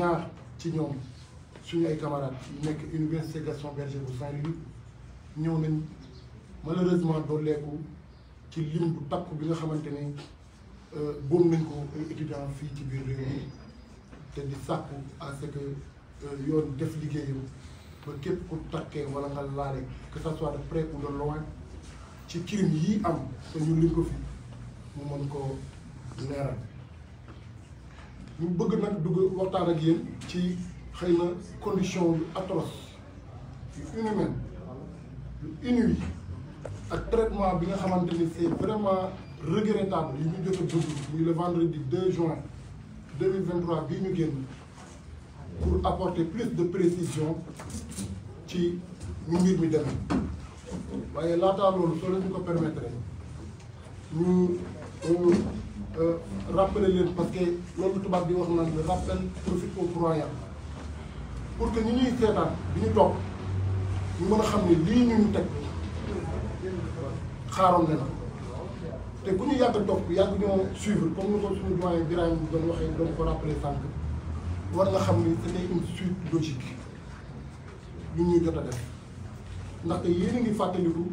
ñaar ci ñoom suñu ay camarades yu nekk université Gaston Berger bu Saint-Louis ñëw nañ malheureusement dooleeku ci lim bu takk bi nga xamante ne euh, boom nañ ko ay étudiants fii ci biir réew mi te di sàkku à que euh, yoon def liggéeyam ba képp ku takkee wala nga laale que ça soit de près ou de loin ci crime yi am te ñu lim ko fi mu mën ko leeral. ñu bëgg nag dugg waxtaan ak yéen ci xëy na condition yu atroce yu inhumaine yu inouïe ak traitement bi nga xamante ni c'est vraiment regrettable yi ñu jot a dugg muy le vendredi 2 juin 2023 bii ñu génn pour apporter plus de précision ci ñu mbir mi demee waaye laataa loolu soo leen ñu ko permettre ñu euh, Euh, rappeler leen parce que loolu tubaab bi wax naan le rappel profite au croyant pour que ñi ñuy seetaan bi ñu toog ñu mën a xam ni lii ñu teg xaaroon na te bu ñu yàgg topp yàgg ñoo suivre comme ni ko suñu doyen Birame doon waxee doon ko rappeler sànq war nga xam ni c'était une suite logique ñu ñuy jot a def ndaxte yéen a ngi fàttaliku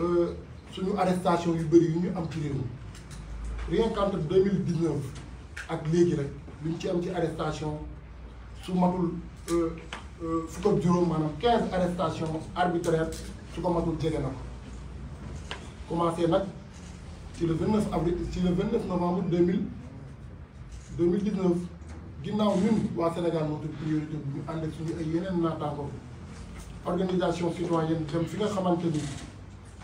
euh, suñu arrestation yu bari yu ñu am ci réew mi rien qu'entre deux mille dix neuf ak léegi rek li ñu ci am ci arrestation su matul euh, euh, fukk ak juróom maanaam quinze arrestation arbitraire su ko matul jege na ko commencé nag ci le vingt neuf avril ci le vingt neuf novembre deux mille deux mille dix neuf ginnaaw ñun waa Sénégal moo tudd priorité bu ñu ànd ak suñu ay yeneen naataango organisation citoyenne dem fi nga xamante ni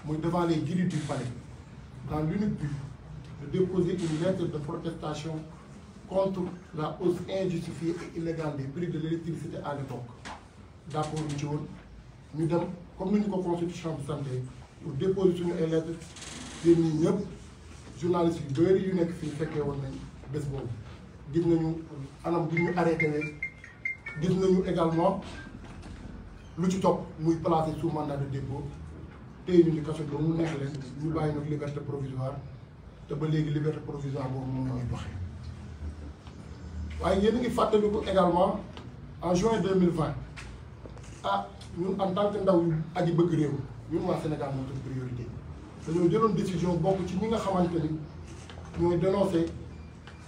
mooy devant les grilles dans l'unique but de déposer une lettre de protestation contre la hausse injustifiée et illégale des prix de l'électricité à l'époque d'accord ñu ci woon ñu dem comme ni ñu ko constitution bi santé pour déposer suñu ay lettre yéen ñii ñëpp journalistes yu bëri yu nekk fii fekkee woon nañ bés boobu gis nañu anam bi ñu arrêté ne gis nañu également lu ci topp muy placé sous mandat de dépôt tey ñu ni kaso doomu neex leen ñu bàyyi nag liberté provisoire te ba léegi liberté provisoire boobu moom la ñuy waaye yéen a ngi fàttaliku également en juin deux mille vingt ah ñun am tant que ndaw ak aji bëgg réew ñun waa Sénégal moo tax priorité dañoo jëloon décision bokk ci ñi nga xamante ni ñooy dénoncer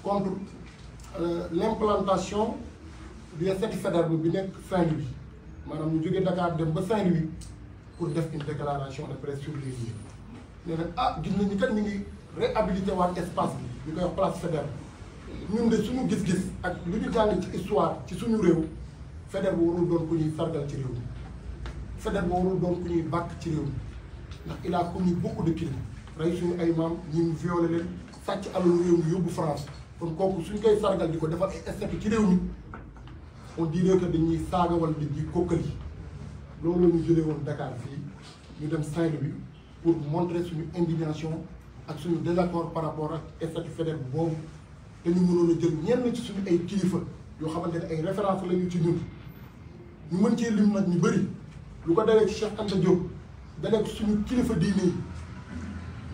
contre euh, l' implantation du statut fédéral bi nekk Saint-Louis maanaam ñu jógee Dakar dem ba Saint-Louis pour def une déclaration de presse sur les lieux nee nag ah gis nañu kat ñu ngi. réhabilité waat espace bi ñu koy wax place Faidherbe ñun de suñu gis-gis ak lu ñu jàng ci histoire ci suñu réew Faidherbe warul doon ku ñuy sargal ci réew mi Faidherbe warul doon ku ñuy bàkk ci réew mi ndax il a commis beaucoup de crimes rey suñu ay maam ñi mu violé leen sàcc alalu réew mi yóbbu France kon kooku suñ koy sargal di ko defar ay statue ci réew mi on dirait que dañuy saaga wala dañuy kokkal yi loolu ñu jëlee woon Dakar fii ñu dem saint bi pour montrer suñu indignation ak suñu désaccord par rapport ak statut FEDER boobu dañu mënoon a jël ñenn ci suñu ay kilifa yoo xamante ne ay référence lañu ci ñun ñu mën cee lim nag ñu bëri lu ko dalee ci Cheikh Anta Diop dalee suñu kilifa diine yi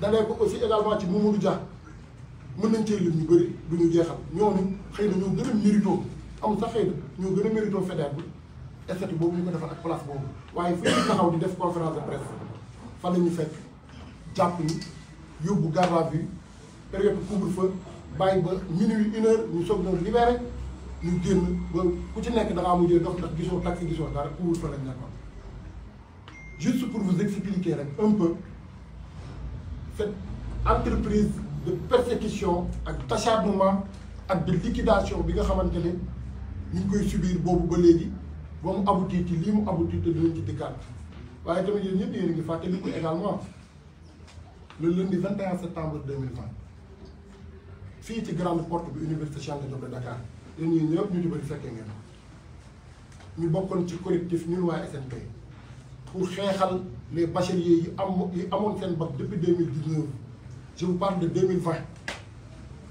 dalee aussi également ci Mamadou Dia mën nañ cee lim ñu bëri du ñu jeexal ñooñu xëy na ñoo gën a mérito ñoo gën a mérito FEDER bi boobu ñu ko defal ak place boobu waaye taxaw di def conférence de presse fan la ñu fekk jàpp ni yóbbu garde à vue période couvre-feu bàyyi ba minuit une heure ñu soog doon libéré génn ba ku ci nekk da ngaa mujjee dox ndax gisoo taxi gisoo dara couvre-feu lañ nekkoon juste pour vous expliquer rek un peu cette entreprise de persécution ak d'acharnement ak de liquidation bi nga xamante ne ñu koy subir boobu ba léegi ba mu aboutir ci lii mu aboutir te dinañ ci dëkkaat waaye tamit yéen ñëpp yéen a ngi fàttaliku également. le lundi 21 septembre 2020 fii ci grande porte bi université Cheikh Anta Diop de Dakar yéen ñii ñëpp ñu jubali fekkee ngeen ñu bokkoon ci collectif ñun waa SNP pour xeexal les bacheliers yi am yi amoon seen bac depuis 2019 je vous parle de 2020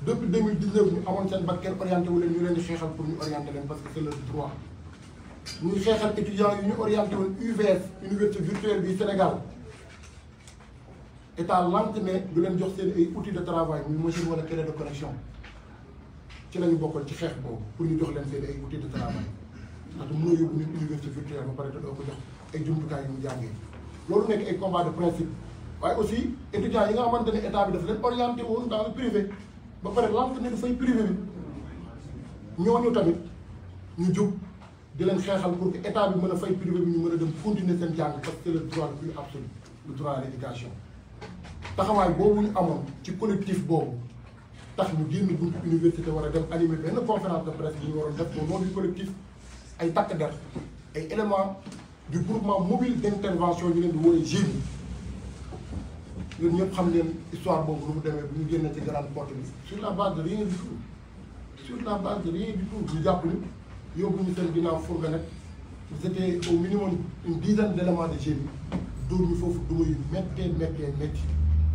depuis 2019 ñu amoon seen bac kenn orienté wu leen ñu leen di xeexal pour ñu orienté leen parce que c'est leur droit ñu xeexal étudiants yi ñu orienté woon UVS université virtuelle bi Sénégal état lànk ne du leen jox seen ay outils de travail muy machine wala clé de connexion ci la ñu bokkoon ci xeex boobu pour ñu jox leen seen ay outils de travail ndax mënoo yóbbu nit université virtuelle ba pare te doo ko jox ay jumtukaay yu mu jàngee loolu nekk ay combat de principe waaye aussi étudiants yi nga xamante ne état bi daf leen orienté woon dans le privé ba pare lànk ne dafay privé bi ñooñu tamit ñu jub di leen xeexal pour que état bi mën a fay ñu mën a dem continuer seen jàng parce que c'est le droit le taxawaay boobu ñu amoon ci collectif boobu tax ñu génn buntu université war a dem animé benn conférence de presse yi ñu waroon def au nom du collectif ay takk der ay éléments du groupement mobile d' intervention ñu leen di wooye GIE ñun ñëpp xam leen histoire boobu nu mu demee bu ñu génnee ci grande porte bi sur la base de rien du tout sur la base de rien du tout ñu jàpp ni yóbbu ñu seen ginnaaw fourga nag vous étiez au minimum une dizaine d' éléments de GIE foofu du muy méttee méttee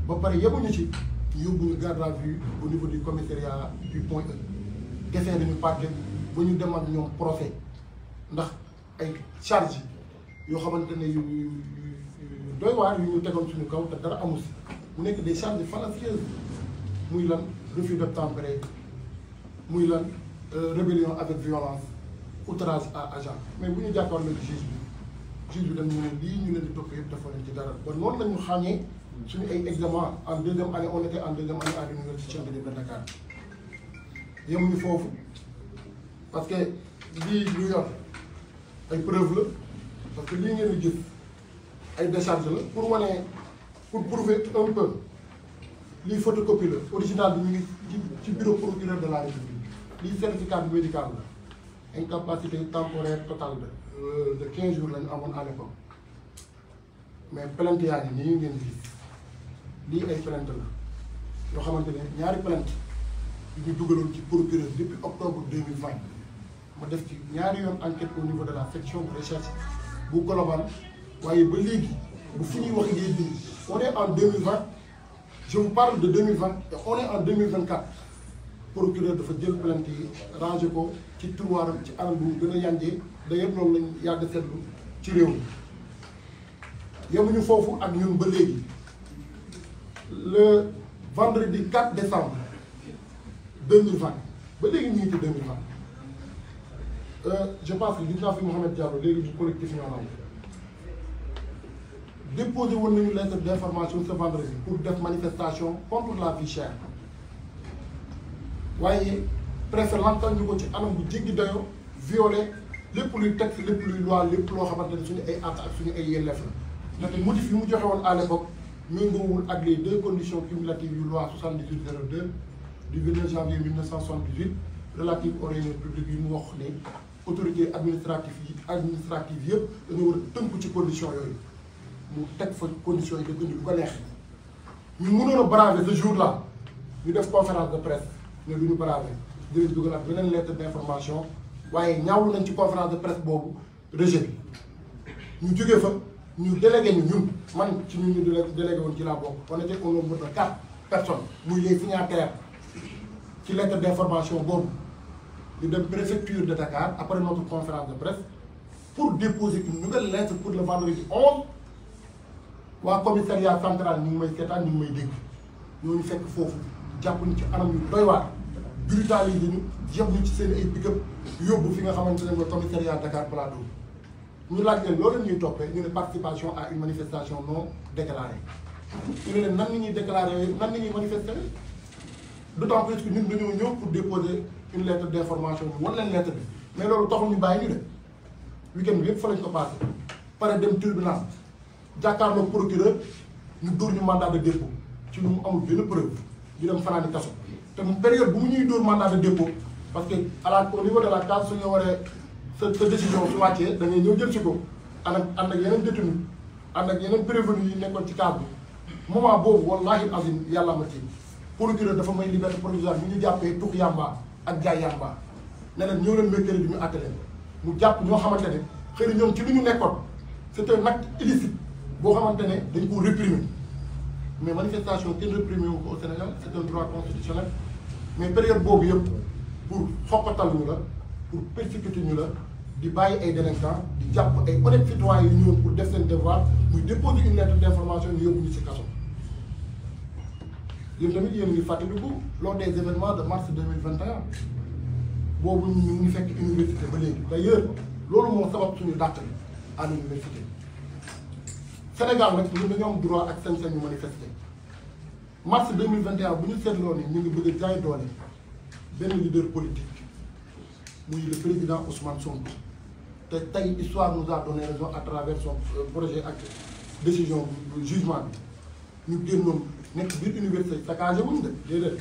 ba pare yemuñu ci yóbbuñu garde à vue au niveau du commissariat du point E desee nañu parquet ba ñu demal ñoom procès ndax ay charges yoo xamante ne yu doy waar yu ñu tegoon suñu kaw te dara amul mu nekk des charges fallacieuses muy lan refus d'obtempérer muy lan euh, rébellion avec violence outrage à agent mais bu ñu jàkkaarloo juge bi juge bi dañu ne lii ñu leen di topp yëpp dafa leen ci dara kon noonu la ñu xàññee suñu ay examen en deuxième année on en deuxième année à l'université Cheikh Anta Diop de Dakar yemuñu foofu parce que li ñu yor ay preuve la parce que lii ngeen di jëf ay décharge la pour wane pour prouver un peu lii photocopie la original bi ñu ngi ci ci bureau procureur de la République lii certificat médical la incapacité temporaire totale de euh, de quinze jours lañu amoon à l'époque mais plainte yaa ngi ngeen gis nii ay plainte la yoo xamante ne ñaari plainte yu ñu dugaloon ci procureur depuis octobre deux mille vingt ma def ci ñaari yoon enquête au niveau de la section de recherche bu Colobane waaye ba léegi bu fi ñuy wax ngay bind on en deux mille vingt je vous de deux mille vingt et on est en deux mille vingt quatre procureur dafa jël plainte yi rangé ko ci tiroiram ci anam bu mu gën a yànjee d'ailleurs loolu lañ yàgg seetlu ci réew mi yemuñu foofu ak ñun ba léegi. le vendredi 4 décembre 2020 ba léegi ñu ngi ci 2020 euh, je pense que gis naa fi Mouhamed Diallo léegi du collectif ñoo am déposé woon nañu lettre d'information ce vendredi pour def manifestation contre la vie chère waaye préfet lantal ñu ko ci anam bu jéggi dayoo violé lépp luy texte lépp luy loi lépp loo xamante ne suñu ay àtt ak suñu ay yelleef la ndaxte motif fi mu joxe woon à méngoowul ak les deux conditions cumulatives yu loi 78 02 du 29 janvier 1978 relative aux réunions yu mu wax ne autorité administrative yi administrative yëpp dañoo war a tënku ci conditions yooyu mu teg fa condition yi da gën neex ñu mënoon a braver jour là ñu def conférence de presse ne lu ñu braver dinañ dugal ak beneen lettre d' information waaye ñaawlu nañ ci conférence de presse boobu rejet bi ñu jógee fa ñu délégué ñu ñun man ci ñu ñu délégué woon ci laa bokk on était au nombre de quatre personnes muy les signataires ci lettre d'information boobu ñu dem préfecture de Dakar après notre conférence de presse pour déposer une nouvelle lettre pour le vendredi onze waa commissariat central ñu ngi may seetaan ñu ngi may dégg ñooñu fekk foofu jàpp ñu ci anam yu doy waar brutalisé ñu yóbbu ñu ci seen ay pick yóbbu fi nga xamante ne mooy commissariat Dakar Plateau. ñu laaj leen loolu ñuy toppee ñu ne participation à une manifestation non déclarée ñu ne leen nan la ñuy déclaré nan la ñuy manifester d'autant plus que ñun dañoo ñëw pour déposer une lettre d'information wan leen lettre bi mais loolu taxul ñu bàyyi ñu de week-end bi yëpp fa lañ ko passé pare dem tribunal jàkkaarloo procureur ñu dóor ñu mandat de dépôt ci lu mu amul benn preuve ñu dem fanaani kaso te période bu mu ñuy dóor mandat de dépôt parce que à la au niveau de la waree sa sa décision su wàccee ñëw jël si ko ànd ak ànd ak yeneen détenu ànd ak yeneen prévenu yi nekkoon ci cadre bi moment boobu wallaahi azim yàlla ma tiim procureur dafa may liberté provisoire bi ñu jàppee tuk yamba ak jaay yamba ne leen ñëw leen mercredi bi ñu àtte mu jàpp ñoo xamante ne xëy na ñoom ci li ñu nekkoon c'était te acte illicite boo xamante ne dañ koo réprimer mais manifestation kenn réprimer wu ko au Sénégal c'est un droit constitutionnel mais période boobu yëpp pour xoqatal ñu la pour persécuter ñu la di bàyyi ay délinquants di jàpp ay honnêtes citoyens yu ñëwoon pour def seen devoir muy déposer une lettre d' information ñu yóbbu ñu si kaso. yéen tamit yéen ngi fàttaliku lors des événements de mars deux mille vingt et un boobu ñu fekk université ba léegi d' ailleurs loolu moo sabab suñu dàq bi à l' université Sénégal nag ñun dañoo am droit ak sañ-sañ ñu mars deux mille vingt et bu ñu seetloo ni ñu ngi bëgg a jaay doole benn leader politique muy le président Ousmane te tey histoire nous a donné raison à travers son euh, projet ak décision jugement bi ñu génnoon nekk biir université saccagé wuñ de déedéet